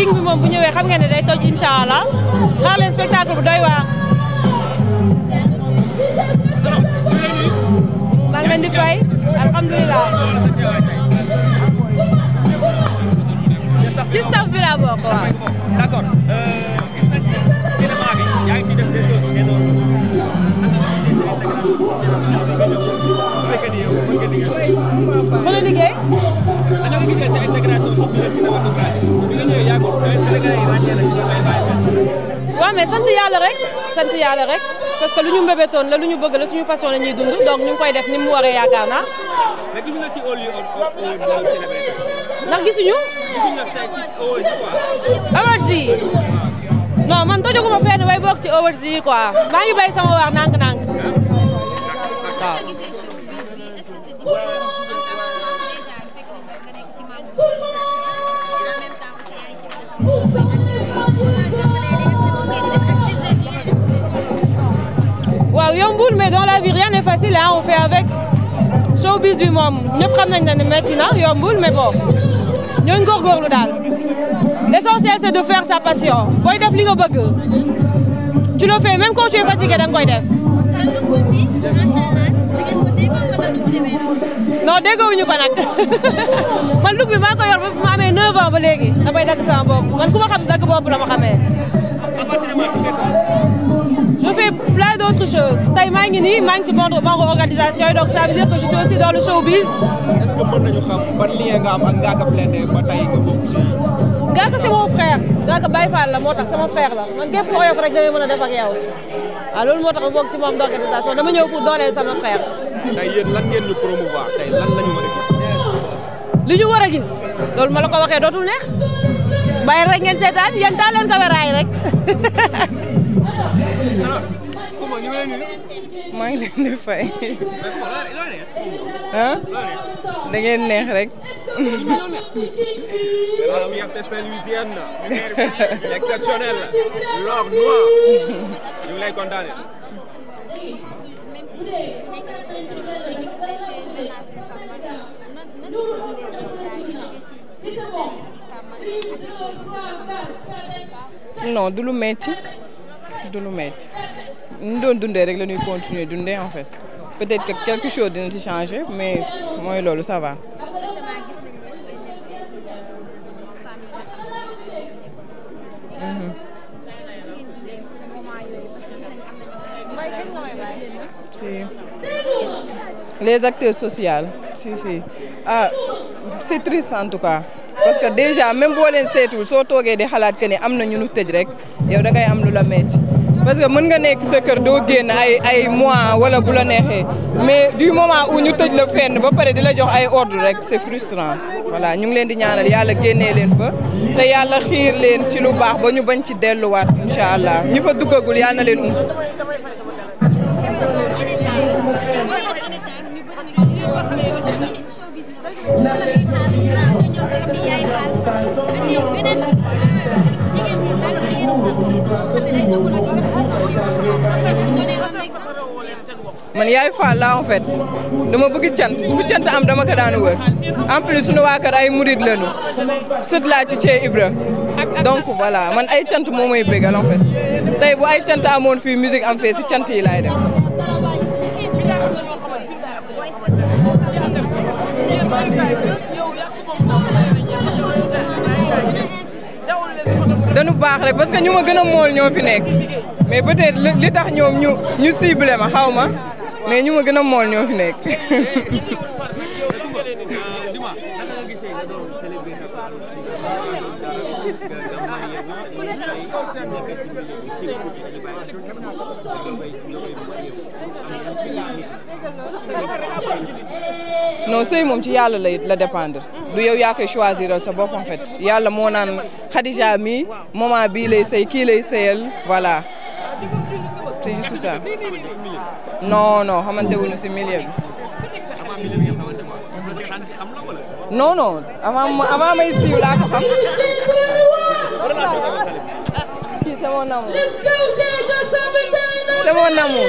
king bi moom bu ñëwee xam ngeen ne toj incha allah xaar leen spectacle doy waar. maa ngi leen di fay staff bi laa bokk waaw. d'accord euh, gis sant yàlla rek sant yàlla rek parce que lu ñu mbébétoon la lu ñu bëgg la suñu passion la ñuy dund donc ñu ngi koy def ni mu waree yaakaar naa. mais gis nga ci au lieu ndax gisuñu. awards yi non man tojaguma fenn bay bokk ci awards yi quoi maa ngi bay sama wax nang waaw yombul mais dans la vie rien n'est facile hein on avec showbiz bi moom ñëpp xam nañ ne métti na yombul mais bon ñooñu góorgóorlu daal l'essentiel c'est de faire sa passion booy def li nga bëgg tu le fais même quand tu es fatigué da nga koy def. non déggoowuñu ko nag man lug bi maa ko yor ba ma amee 9 ans ba léegi damay dakk sama bopp man ku ma xam dakk bopp la ma xamee. plein d'autres choses tey maa ngi nii maa ngi ci bon bon organisation yi donc ça veut dire que je suis aussi dans le showbiz. est-ce que mën nañu xam ban lien nga am ak Ngaaka Blindé ba tey nga bokk ci. Ngaaka c'est mon frère la moo tax sama frère la a def ak ah, a a dootul neex bàyyi rek seetaan yéen taal leen caméra maa ngi leen neex rek. c'est la fierté saint-louisienne. exceptionnel. l'or noir. ñu non du lu metti du ñu doon dundee rek la ñuy continuer dundee en fait peut-être que quelque chose dina ti changer mais mooy loolu ça va. Mhm. si les acteurs sociaux si si ah c'est triste en tout cas parce que déjà même boo leen seetul soo toogee di xalaat que ni am na ñu nu tëj rek yow ngay am lu la metti parce que mën nga nekk sa kër doo génn ay mois wala bu la neexee mais du moment où ñu tëj la fenn ba pare di la jox ay ordre rek c'est frustrant voilà ñu ngi leen di ñaanal yàlla génnee leen fa te yàlla leen ci lu baax ba ñu bañ ci delluwaat incha allah ñu fa duggagul yàlla um man yaay Fall la en fait dama bëgg cant bu cant am dama ko wër en plus ay murid lañu sët laa cee Ibra donc voilà man ay cant moo may bëggal en fait bu ay cant amoon fii musique am fee cant yi laay dem. dañu baax rek parce que ñu ma gën a mool ñoo fi nekk mais peut-être li tax ñoom ñu ñu ma xaw mais ñu ma gën a mool ñoo fi nekk. non sëy moom ci yàlla lay la dépendre du yow yaa koy choisir sa bopp en fait yàlla moo naan Khadija mi moment bii lay sëy kii lay sëyal voilà. c'est juste ça non non xamante wuñu si milieu bi. non non avant laa ko xam. kii c'est mon amour. c'est mon amour.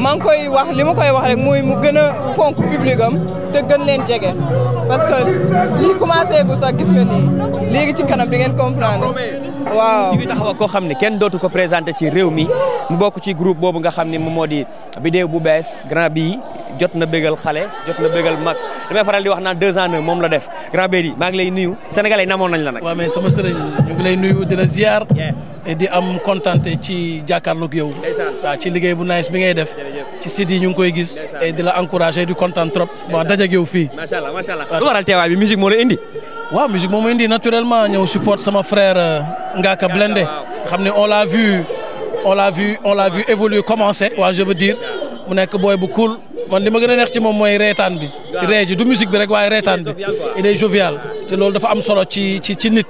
maa koy wax li ma koy wax rek mooy mu gën a fonk public leen jege parce que lii commencé gu sax gis nga nii léegi ci kanam di ngeen comprendre waaw. ñu ngi taxaw xam ne kenn dootu ko présenté ci réew mi mu bokk ci groupe boobu nga xam ne moom moo di bidéew bu bees grand bii jot na bégal xale jot na bégal mag damay faral di wax naan deux ans moom la def grand bii maa ngi lay nuyu sénégalais namoon nañ la nag. waaw mais sama sëriñ ñu ngi lay nuyu di Eh, di am kontante ci jàkkaarloog yow. waaw ci liggéey bu nice bi ngay def. ci site yi ñu ngi koy gis. et eh, di la encouragé du kontaan trop. waaw dajag yow fii. macha allah macha allah lu waral teewaay bi musique moo la indi. waaw musique moo ma indi naturellement ñëw support sama frère euh, Ngaaka Blindé. xam ne on l'a vu on l'a vu on l'a vu évoluer commencer waa je veux dire mu nekk booy bu cool. man li ma gën a neex ci moom mooy reetaan bi ree ji du musique bi rek waay reetaan bi il est jovial te loolu dafa am solo ci ci ci nit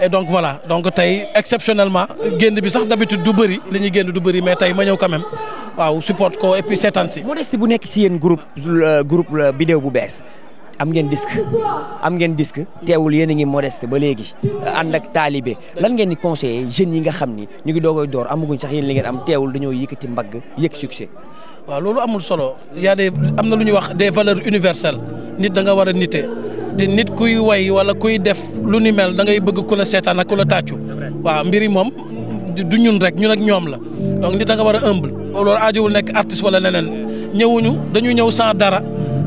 et donc voilà donc tey exceptionnellement génn bi sax d'habitude du bëri li ñuy génn du bëri mais tey ma ñëw quand même waaw support ko et seetaan si. modeste bu nekk si yéen groupe euh, groupe euh, vidéo bu bees am ngeen disque am ngeen disque teewul yéen a ngi modeste ba léegi ànd ak taalibe lan ngeen di conseiller jeunes yi nga xam ni ñu ngi doogoy door amaguñ sax yéen li ngeen am teewul dañoo yëkkati mbagg yëg succès. waaw loolu amul solo y a am na lu ñu wax des valeurs universelles nit da war te nit kuy way wala kuy def lu ni mel da ngay bëgg ku la seetaan ak ku la tàccu waaw mbiri moom du ñun rek ñun ak ñoom la donc nit da nga war a humble loolu aajowul nekk artiste wala leneen ñëwuñu dañuy ñëw sans dara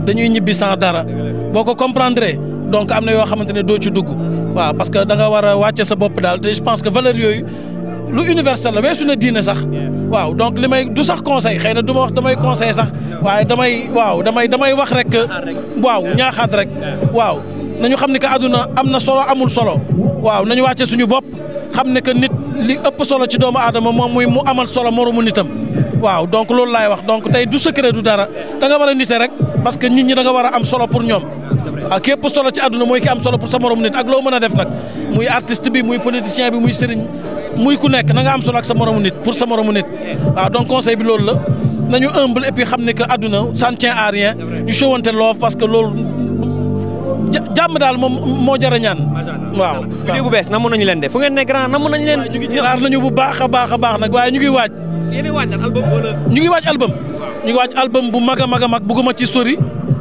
dañuy ñibbi sans dara boo ko comprendre donc am na yoo xamante ne doo ci dugg waaw parce que da nga war a wàcce sa bopp daal te je pense que valeur yooyu. lu universel la weesu na diine sax waaw donc li may du sax conseil xëy na du ma wax damay conseil sax waaye damay waaw damay damay wax rek waaw ñaaxaat rek waaw nañu xam ne que àdduna am na solo amul solo waaw nañu wàcce suñu bopp xam ne que nit li ëpp solo ci doomu aadama moom muy mu amal solo moromu nitam waaw donc loolu laay wax donc tey du secret du dara da nga war a nite rek parce que nit ñi danga war a am solo pour ñoom ak képp solo ci àdduna mooy ki am solo pour sa morom nit ak loo mën a def nag muy artiste bi muy politicien bi muy sëriñ muy ku nekk na am solo ak sa moromu nit pour sa moromu nit waaw donc conseil bi loolu la nañu humble et puis xam ne que àdduna ça ne tient à rien ñu showante love parce que loolu jàmm daal moom moo jar a ñaan waaw vidéo bu bees namoon nañu leen de fu ngeen ne grand namoon nañu leen ñu ngi ci raar bu baax a baax a baax nag waaye ñu ngi waaj ñu ngi waaj album ñu ngi waaj album bu mag a mag a mag bugguma ci sori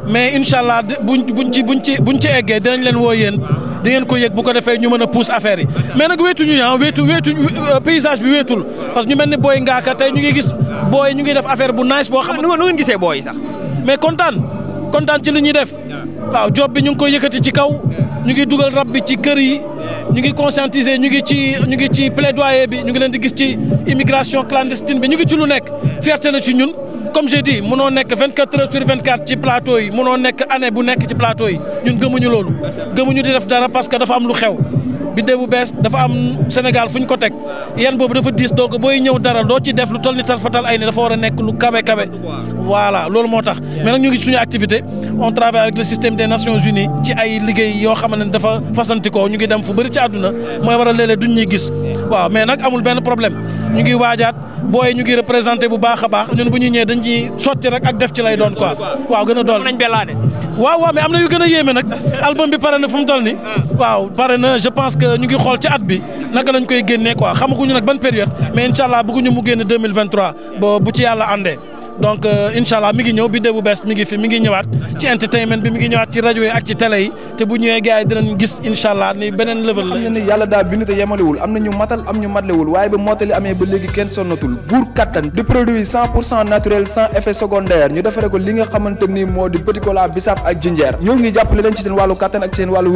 mais incha allah buñ buñ ci buñ ci buñ ci eggee dinañ leen woo yéen di ngeen ko yëg bu ko defee ñu mën a pousse affaire yi mais nag wéetuñu ah wéetu wéetu euh, paysage bi wéetul parce que ñu mel ni booy ngaaka tey ñu ngi gis booy ñu ngi def affaire bu nice boo xam ne nu ngeen gisee booy sax mais kontaan kontaan ci li ñuy def waaw job bi ñu ngi koy yëkkati ci kaw ñu ngi dugal rab bi ci kër yi ñu ngi conscientiser ñu ngi ci ñu ngi ci plaidoyer bi ñu ngi leen di gis ci immigration clandestine bi ñu ngi ci lu nekk fierté la ci ñun comme j'ai dit mënoo nekk 24 heures sur 24 ci plateau yi mënoo nekk année bu nekk ci plateau yi ñun gëmuñu loolu gëmuñu di def dara parce que dafa am lu xew Bidew bu bees dafa am Sénégal fu ñu ko teg yan boobu dafa diis donc booy ñëw dara doo ci def lu toll ni tal fatal ay ni dafa war a nekk lu kawe kawe voilà loolu moo tax mais nag ñu ngi suñu activité on travaille avec le système des Nations Unies ci ay liggéey yoo xam ne dafa fasantikoo ñu ngi dem fu bëri ci àdduna mooy waral léeg-léeg duñ ñuy gis waaw mais nag amul benn problème ñu ngi waajaat booy ñu ngi représenté bu baax a baax ñun bu ñu ñëwee dañ ci sotti rek ak def ci lay doon quoi waaw gën a dool waaw waaw mais am na yu gën a yéeme nag album bi pare na fu mu toll waaw pare na je pense que ñu ngi xool ci at bi naka nañ koy génnee quoi ñu nag ban période mais incha allah bëgguñu mu génne 2023 ba bu ci yàlla àndee donc euh, incha allah mi ngi ñëw biddew bu bees mi ngi fi mi ngi ñëwaat ci entertainment bi mi ngi ñëwaat ci rajo yi ak ci télé yi te bu ñëwee gars yi gis incha allah ni beneen level la. xam ne yàlla daal bind te yemalewul am na ñu matal am ñu matlewul waaye ba mottali amee ba léegi kenn sonnatul buur kattan di produit cent pour cent naturel sans effet secondaire ñu defaree ko li nga xamante ni moo di petit cola bisaab ak jinjeer ñoo ngi jàppale le ci seen wàllu kattan ak seen wàllu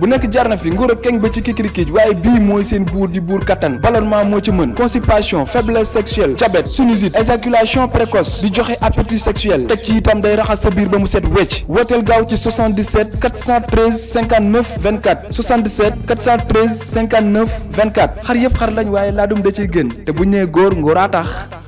bu nekk jarna fi nguur ak keng ba ci kikirikiij waaye bii mooy seen buur di buur kattan moo ci mën constipation faiblesse sexuelle diabète sinusite éjaculation précoce di joxe appétit sexuel teg ci itam day raxas sa biir ba mu set wecc wooteel gaaw ci 77 413 59 24 77 413 59 24 xar yëpp xar lañ waaye laa laadum da ciy gën te bu ñu nee góor ngóoraa